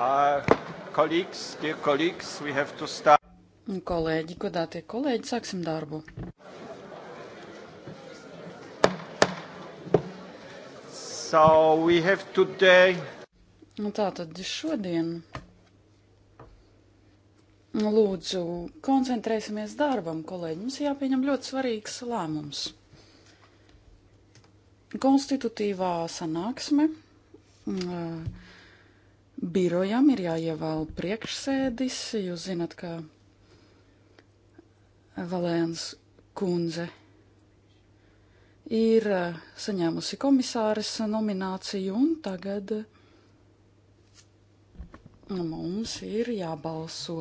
Uh, colleagues, dear colleagues, we have to start. Kolēģi, godātie kolēģi, sāksim darbu. So we have today. Nu, tā tad šodien. Lūdzu, koncentrēsimies darbam, kolēģi. Mums jāpieņem ļoti svarīgs lēmums. Konstitutīvā sanāksme. Uh, Birojam ir jāievēl priekšsēdis. Jūs zinat, ka Valēns kundze ir eh, saņēmusi komisāres nomināciju un tagad eh, mums ir jābalso.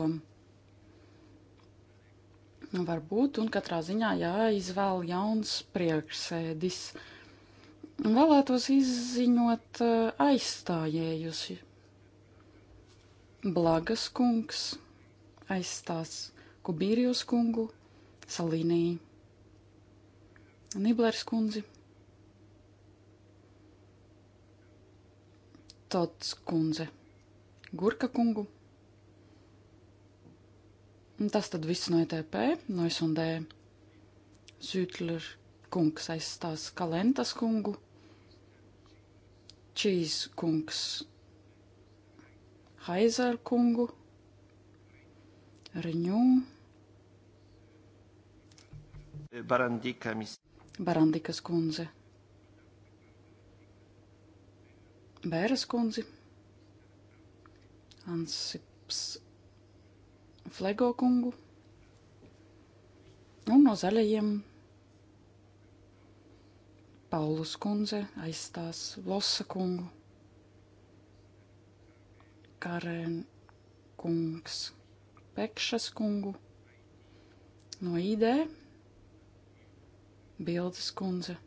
Varbūt, un katrā ziņā jāizvēl jauns priekšsēdis. Vēlētos izziņot eh, aizstājējus Blagas kungs aizstās Kubīrijos kungu Salīnī. Niblers kundzi. Tots kundze. Gurka kungu. Un tas tad viss no ETP, no S&D. Zītler kungs aizstās Kalentas kungu. Čīs kungs Haizer kungu, Riņū, Barandika, Barandikas kundze, Bēras kundzi, Ansips Flego kungu un no zaļajiem Paulus kundze aizstās Losa kungu. Karen kungs Pekšas kungu no ID, Bildes kundze,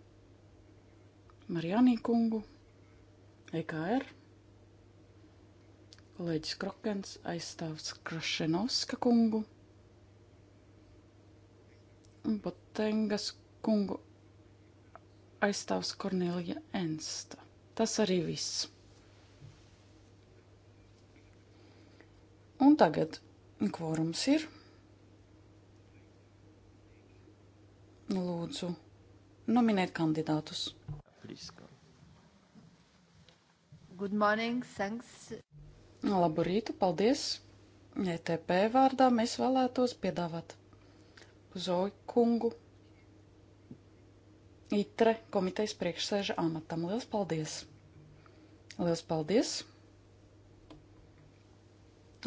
Marianī kungu, EKR, kolēģis Krokens aizstāvs Krašenovska kungu, Botengas kungu aizstāvs Kornelija Ensta. Tas arī viss. Un tagad kvorums ir. Nu, lūdzu, nominēt kandidātus. Good morning, thanks. Labu rītu, paldies. ETP vārdā mēs vēlētos piedāvāt Zoju kungu ITRE komitejas priekšsēža amatam. Liels paldies! Liels paldies!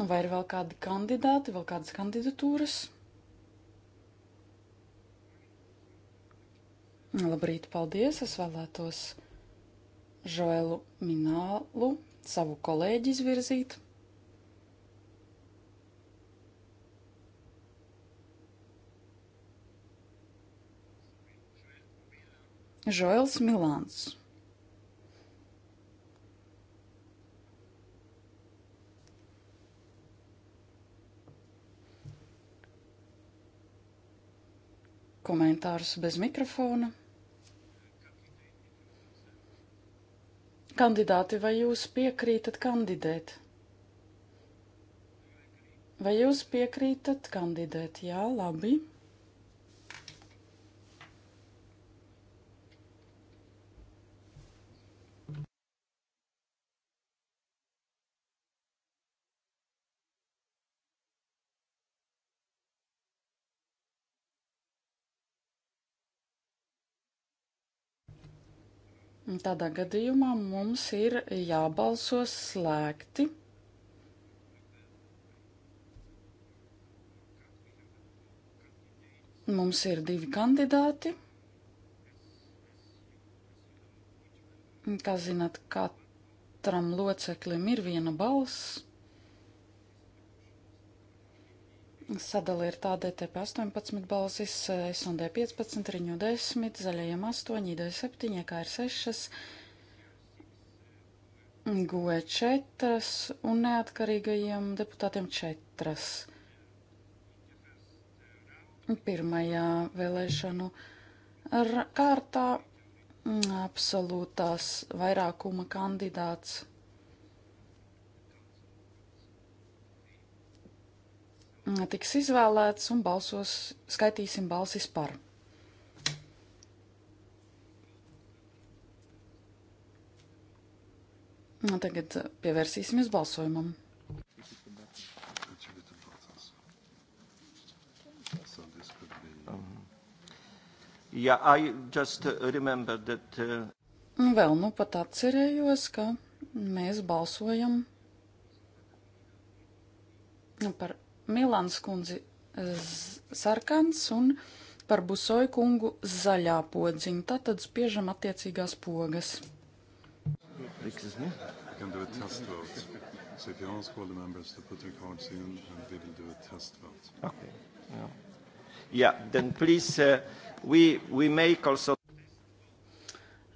Vai ir vēl kādi kandidāti, vēl kādas kandidatūras? Labrīt, paldies! Es vēlētos Žoelu Minālu, savu kolēģi izvirzīt. Žoels Milāns. komentārus bez mikrofona. Kandidāti, vai jūs piekrītat kandidēt? Vai jūs piekrītat kandidēt? Jā, labi. Tādā gadījumā mums ir jābalso slēgti. Mums ir divi kandidāti. Kā zināt, katram loceklim ir viena balss. Sadala ir tāda ETP 18 balsis, S&D 15, riņu 10, zaļajiem 8, ID 7, kā ir 6, GUE 4 un neatkarīgajiem deputātiem 4. Pirmajā vēlēšanu kārtā absolūtās vairākuma kandidāts tiks izvēlēts un balsos, skaitīsim balsis par. Nu, tagad eh, pievērsīsimies balsojumam. Yeah, I just uh, remember that. Uh... Nu, vēl nu pat atcerējos, ka mēs balsojam nu, par Milāns kundzi eh, sarkans un par busoju kungu zaļā podziņa. Tātad spiežam attiecīgās pogas. So if you ask all the members to put their cards in, and we will do a test vote. Okay. Yeah. Yeah. Then please, uh, we we make also.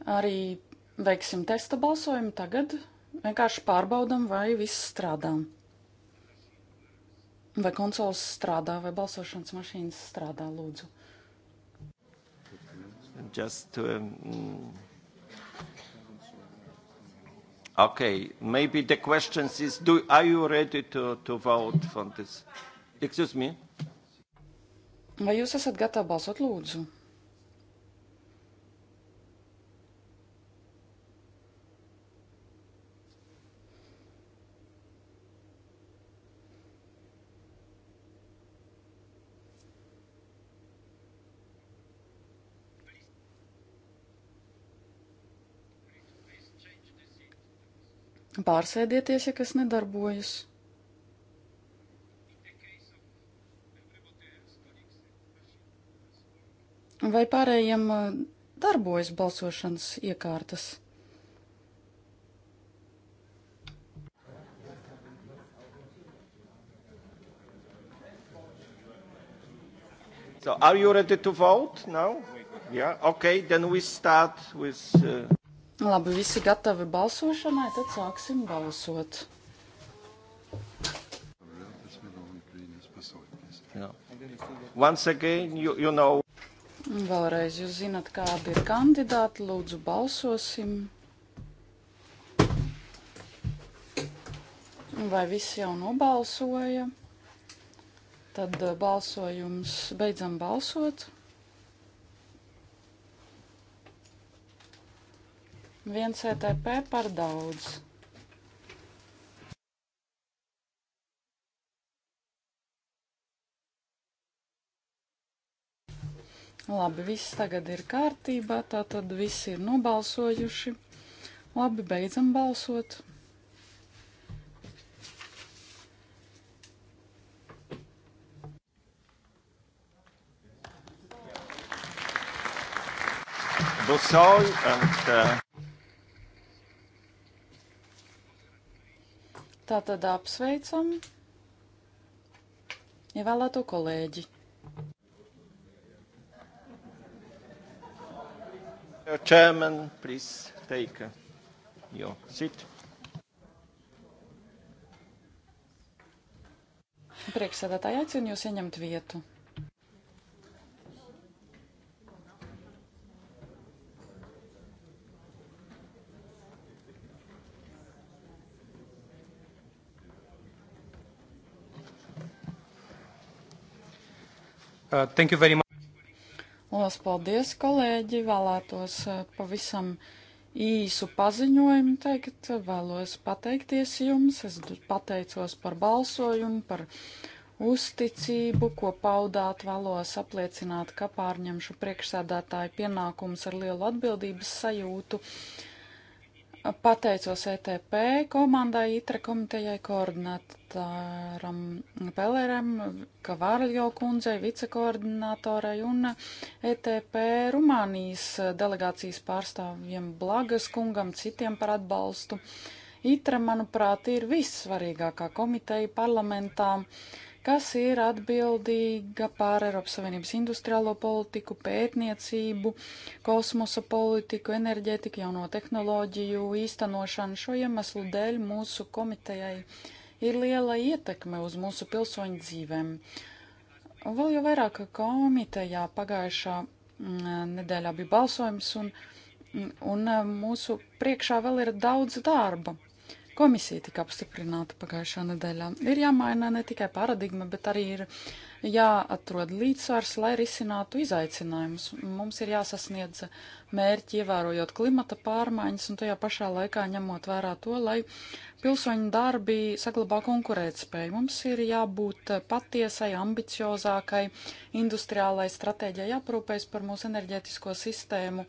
Arī veiksim testa balsojumu tagad. Vienkārši pārbaudam, vai viss strādā. Vai konsoles strādā, vai balsošanas mašīnas strādā, lūdzu? Just, um, mm. okay, maybe the question is, do, are you ready to, to vote for this? Excuse me? Vai jūs esat gatavi balsot, lūdzu? Pārsēdieties, ja kas nedarbojas. Vai pārējiem uh, darbojas balsošanas iekārtas? So are you ready to vote now? Yeah, okay, then we start with... Uh... Labi, visi gatavi balsošanai, tad sāksim balsot. No. Once again, you, you know. Vēlreiz jūs zinat, kādi ir kandidāti, lūdzu balsosim. Vai visi jau nobalsoja? Tad eh, balsojums beidzam balsot. Viens ETP par daudz. Labi, viss tagad ir kārtībā, tā tad visi ir nobalsojuši. Labi, beidzam balsot. Busau, and, uh... Tātad apsveicam ievēlēto ja kolēģi. Your chairman, please take your seat. Priekšsēdētāji aicinu jūs ieņemt vietu. Uh, thank you very much. Lielas paldies, kolēģi! Vēlētos uh, pavisam īsu paziņojumu teikt. Vēlos pateikties jums. Es pateicos par balsojumu, par uzticību, ko paudāt. Vēlos apliecināt, ka pārņemšu priekšsēdētāju pienākumus ar lielu atbildības sajūtu. Uh, Pateicos ETP komandai, ITRA e komitejai, koordinatoram Peleram, Kavārļo kundzei, vicekoordinatorai un ETP Rumānijas delegācijas pārstāvjiem Blagas kungam, citiem par atbalstu. ITRA, e, manuprāt, ir vissvarīgākā komiteja parlamentā. Uh, kas ir atbildīga par Eiropas Savienības industriālo politiku, pētniecību, kosmosa politiku, enerģētiku, jauno tehnoloģiju īstenošanu. Šo iemeslu dēļ mūsu komitejai ir liela ietekme uz mūsu pilsoņu dzīvēm. Vēl jau vairāk komitejā pagājušā mm, nedēļā bija balsojums un, un mūsu priekšā vēl ir daudz darba komisija tika apstiprināta pagājušā nedēļā. Ir jāmaina ne tikai paradigma, bet arī ir jāatrod līdzsvars, lai risinātu izaicinājumus. Mums ir jāsasniedz mērķi, ievērojot klimata pārmaiņas un tajā pašā laikā ņemot vērā to, lai pilsoņu darbi saglabā konkurētspēju. Mums ir jābūt patiesai, ambiciozākai industriālai stratēģijai, aprūpēs par mūsu enerģētisko sistēmu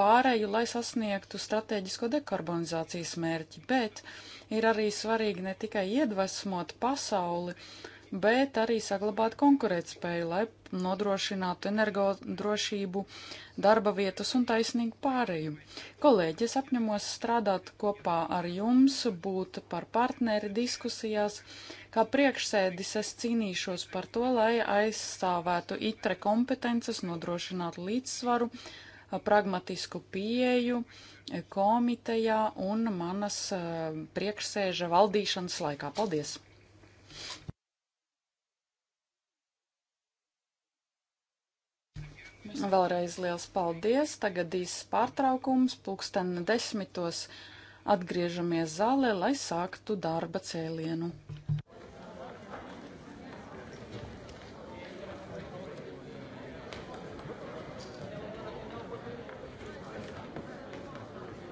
pārēju, lai sasniegtu strateģisko dekarbonizācijas mērķi, bet ir arī svarīgi ne tikai iedvesmot pasauli, uh, bet arī saglabāt konkurētspēju, lai nodrošinātu energodrošību, darba vietas un taisnīgu pāreju. Kolēģi, es apņemos strādāt kopā ar jums, būt par partneri diskusijās. Kā priekšsēdis es cīnīšos par to, lai aizstāvētu itre kompetences, nodrošinātu līdzsvaru, pragmatisku pieeju komitejā un manas eh, priekšsēža valdīšanas laikā. Paldies! Vēlreiz liels paldies. Tagad īsts pārtraukums. Pulksten desmitos atgriežamies zālē, lai sāktu darba cēlienu.